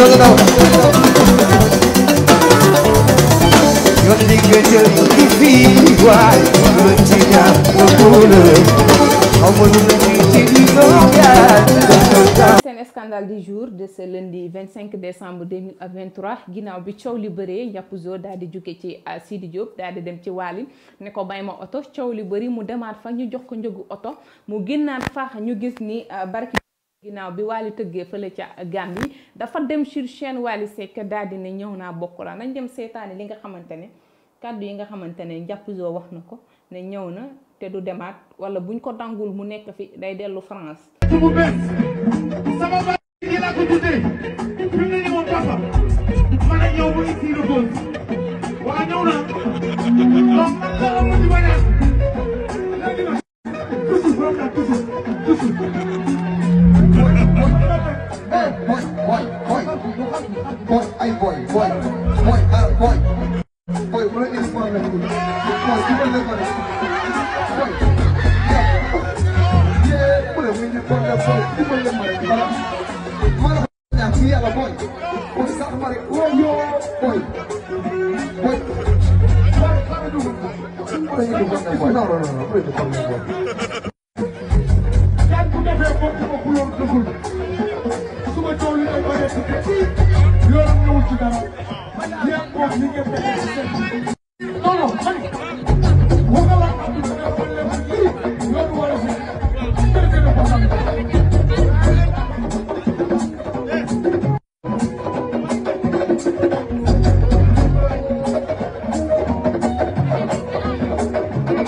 doon daw yoon di fii waay lu ci ñaar seen scandale du jour de ce lundi 25 décembre 2023 ginnaaw bi coow li bëree Ndiakhou Zo daal di jóge ci ah, Sidi Diop daal di dem ci Waly ne ko bay ma oto coow li bëri mu demaat fa ñu jox ko njëgu oto mu génnaat faax ñu gis ni ah, barki ginnaaw bi Wally tëggee fële ca Gambie dafa dem sur chaîne Wally Seck daal di ne ñëw naa bokk nañ dem seetaani li nga xamante ne kàddu yi nga xamante ne njàpp joo wax na ko ne ñëw na te du demaat walla buñ ko dangul mu nekk fi day dellu France. bu bees sama baay gi laa ko tuddee fi mu ne nii moom papa man ak yow ba ici le bon waa ñëw na donc man la amuñu ba ñaar léegi nag toujours boobu nag toujours toujours. si yàlla booy booy sax pare wóor yoo booy booy. non non non Thank you.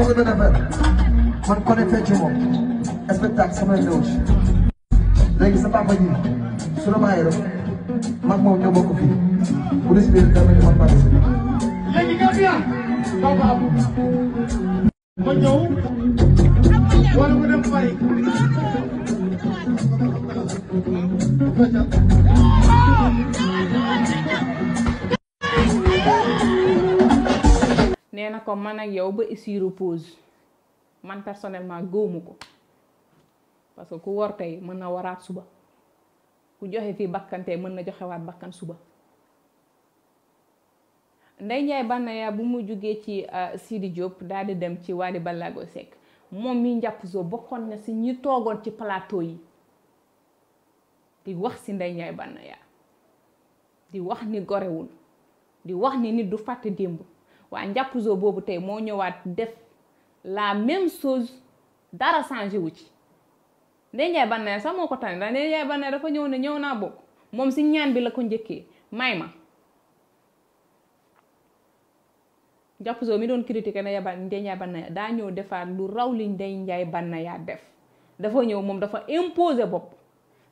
bëgg na defar man ko ne fecc moom spectacle sama néew si léegi sa papa ji su la bàyyi rek mag moom ñoo bokk fii bu des biir dama ñu man bàyyi si léegi Gambia doo ko am ko man ak yow ba issue repose man personnellement gomuko parce que ku wor tay man na warat suba ku joxe fi bakkan man na na wat bakkan suba nday njaay banaya bu mu jugee ci euh, Sidi Diop daal di dem ci wadi Ballago sek mom mi zo na si ñi togon ci plateau yi di wax ci nday njaay banaya di wax ni gorewul di wax ni nit du fatte dembu waa njàppuzoo boobu tey moo ñëwaat def la même chose dara changé wu ci Ndeye Ndiaye Banaya sax moo ko tane ndax Ndeye Ndiaye Banaya dafa ñëw ne ñëw naa bokk moom si ñaan bi la ko njëkkee may ma njàppuzoo mi doon critiqué na yaba Ndeye daa ñëw defaat lu raw li Ndeye Ndiaye Banaya def dafa ñëw moom dafa imposé bopp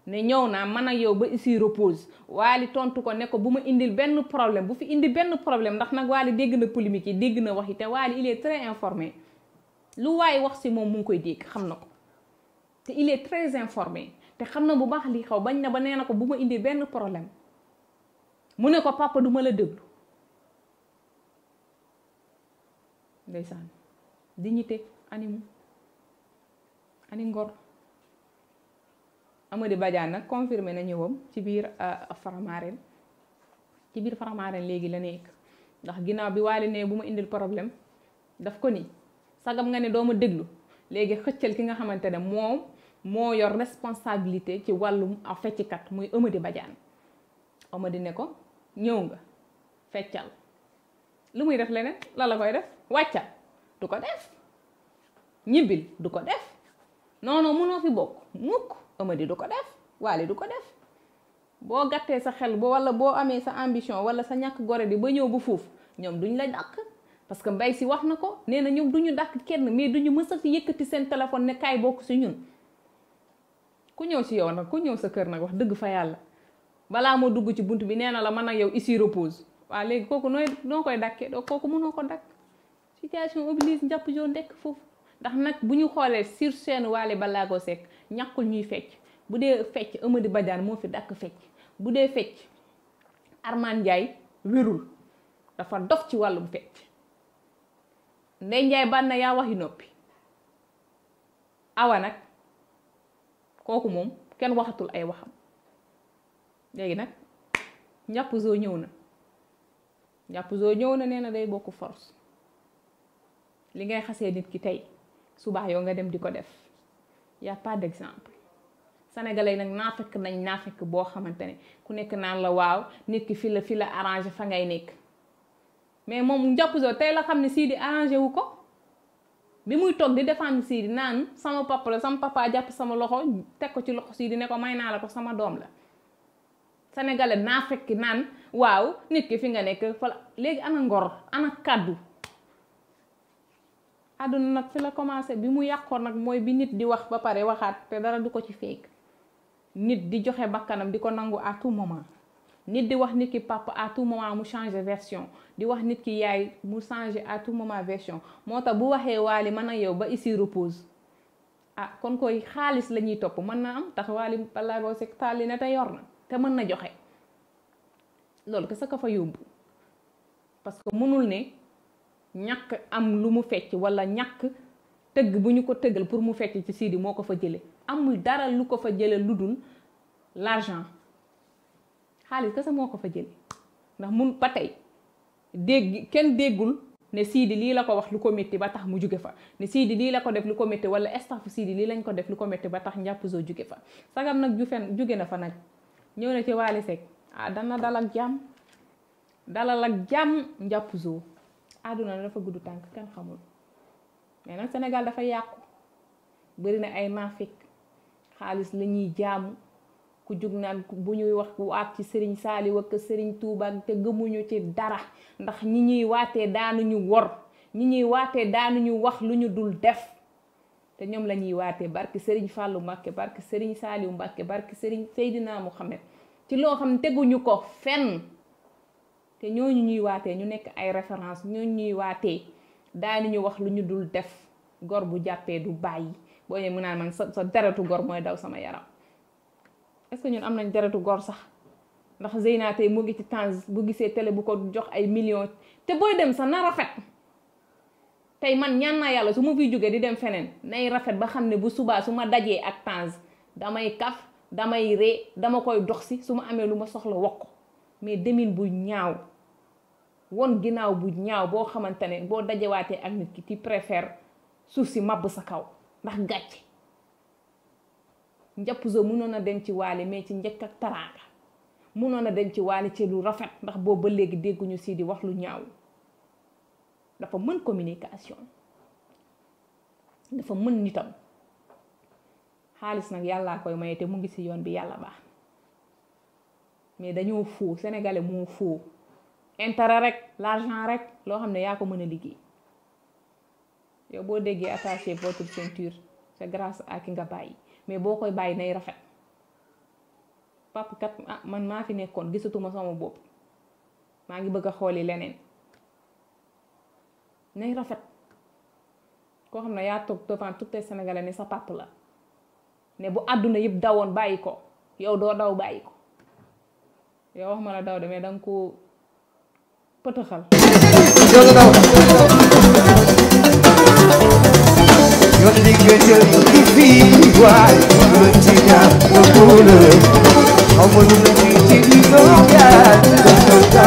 ne ñëw naa man a yow ba ici repose waali tontu ko ne ko bu ma indil benn problème bu fi indi benn problème ndax nag waali dégg na polémique yi dégg na wax yi te waali il est très informé lu waaye wax si moom mu koy dégg xam na ko te il est très te xam na bu baax lii xaw bañ na ba nee na ko bu ma indil benn problème mu ne ko papa du ma la déglu ndeysaan dignité animu ani ngor Amady Badiane nag confirmé na ñëwam ci biir euh, Faramaren ci biir Faramaren léegi la nekk ndax ginnaaw bi Wally ne bu ma indil problème daf ko nii sagam nga ne doo ma déglu léegi xëccal ki nga xamante ne moom moo yor responsabilité ci wàllum a ah, fecckat muy Amady Badiane amadi ne ko ñëw nga feccal lu muy def leneen la la koy def wàccal du ko def ñibbil du ko def non non fi bokk mukk Amady du ko def Waly du ko def boo gàttee sa xel bo wala boo amee sa ambition wala sa ñàkk gore bi ba ñëw bu fuuf ñoom duñ la dàq parce que mbay si wax na ko nee na ñoom duñu dàq kenn mais duñu mës a yëkkati seen téléphone ne kaay bokk si ñun ku ñëw si yow nag ku ñëw sa kër nag wax dëgg fa yàlla balaa moo dugg ci bunt bi nee na la mën a yow ici repose waaw léegi kooku nooy noo koy dàkkee doo kooku mënoo ko dàkk situation oblige njàpp joo ndekk foofu ndax nag bu ñu xoolee sur scène Waly Ballago Seck ñàkkul ñuy fecc bu dee fecc Amady Badiane moo fi dàkk fecc bu dee fecc Armane Ndiaye wérul dafa dof ci wàllum fecc Ndeye Ndiaye bànn yaa wax yi noppi awa nag kooku moom kenn waxatul ay waxam léegi nag njàpp zoo ñëw na njàpp zoo ñëw na nee na day bokk force li ngay xasee nit ki tey subaa yow nga dem di ko def y' a pas d' exemple sénégalais naa fekk nañ naa fekk boo xamante ne ku nekk naan la waaw nit ki fi la fi la arrangé fa ngay nekk mais moom jàpp soo tey la xam ne sii di arrangé wu ko bi muy toog di défendre di naan sama papa la sama papa jàpp sama loxo teg ko ci loxo di ne ko may naa la ko sama doom la sénégalais naa fekk naan waaw nit ki fi nga nekk fa léegi ana ngor ana kàddu adduna nag ci la commencé bi mu yàqoon nag mooy bi nit di wax ba pare waxaat te dara du ko ci fekk nit di joxe bakkanam di ko nangu à tout moment nit di wax nit ki papa à tout moment mu changé version di wax nit ki yaay mu changé à tout moment version moo tax bu waxee waali mën a yow ba ici repose ah kon koy xaalis la ñuy topp mën naa am tax waali balaago sek taali ne te yor na te mën na joxe loolu kese ka fa yóbbu parce mënul ne ñakk am lu mu fecc wala ñàkk tëgg bu ñu ko tëggal pour mu fecc ci Sidy moo ko fa jële amul dara lu ko fa jële lu dul l'argent xaalis kese moo ko fa jële ndax mun ba tey dégg kenn déggul ne Sidy lii la ko wax lu ko métti ba tax mu juge fa ne Sidy lii la ko def lu ko métti wala estafu Sidy lii lañ ko def ko métti ba tax njàpp soo fa sagam nag ju fen juge na fa nag ñëw na ci Wally Seck ah dana dal ak jàmm dalal ak jàmm njàpp zoo àdduna la dafa gudd tànk kenn xamul mais nag Sénégal dafa yàqu bëri na ay mafik xaalis la ñuy ku jug naan bu ñuy wax ku waat ci sëriñ saali wakk sëriñ Tuubaa te gëmuñu ci dara ndax ñi ñuy waate daanuñu wor ñi ñuy waatee daanuñu wax lu ñu dul def te ñoom lañuy ñuy waatee barki sëriñ Fàllu Mbàkke barki sëriñ Saaliw Mbàkke barki sëriñ Seydina Muhammad ci loo xam teguñu ko fenn te ñooñu ñuy waatee ñu nekk ay référence ñu ñuy waatee daani ñu wax lu ñu dul def gor bu jàppee du bàyyi boo ñëwee mu naan man sa sa deretu gor mooy daw sama yaram est que ñun am nañ deretu gor sax ndax Zeyna tey mu ngi ci temps bu gisee tele bu ko jox ay millions te booy dem sa na rafet tey man ñaan naa yàlla su ma fiy jógee di dem feneen nay rafet ba xam ne bu subaa su ma dajee ak temps damay kaf damay ree dama koy dox si su ma amee lu ma soxla wokk mais demin bu ñaaw won ginnaaw bu ñaaw boo xamante ne boo dajewaatee ak nit ki ti préfère suuf si màbb sa kaw ndax gàcce njàpp zo mënoon a dem ci waale mais ci njëkk ak taraanga mënoon a dem ci waale ci lu rafet ndax boobu ba léegi dégguñu sii di wax lu ñaaw dafa mën communication dafa mën nitam xaalis nag yàllaa koy maye te mu ngi si yoon bi yàlla baax mais dañoo faux sénégalais moo faux intérêt rek l'argent rek loo xam ne yaa ko mën a liggéey yow boo déggee attaché votre ceinture c'est grâce à ki nga bàyyi mais boo koy nay rafet papa kat ah man maa fi nekkoon gisatuma sama bopp maa ngi bëgg a xooli leneen nay rafet koo xam ne yaa toog devant tout les sénégalais ne sa papa la ne bu àdduna yëpp dawoon bàyyi ko yow doo daw bàyyi ko yow wax ma la daw de mais danga ko pëtëxal yow